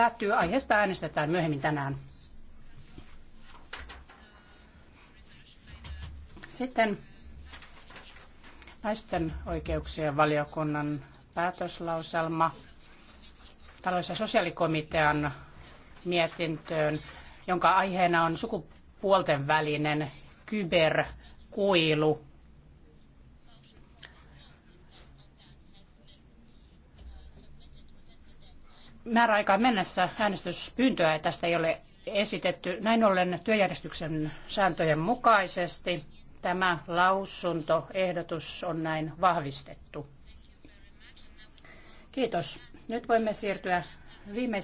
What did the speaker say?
päättyy. Aiheesta äänestetään myöhemmin tänään. Sitten naisten oikeuksien valiokunnan päätöslauselma talous- ja sosiaalikomitean mietintöön, jonka aiheena on sukupuolten välinen kyberkuilu määräaikaan mennessä äänestyspyyntöä tästä ei ole esitetty. Näin ollen työjärjestyksen sääntöjen mukaisesti tämä lausuntoehdotus on näin vahvistettu. Kiitos. Nyt voimme siirtyä viimeiseen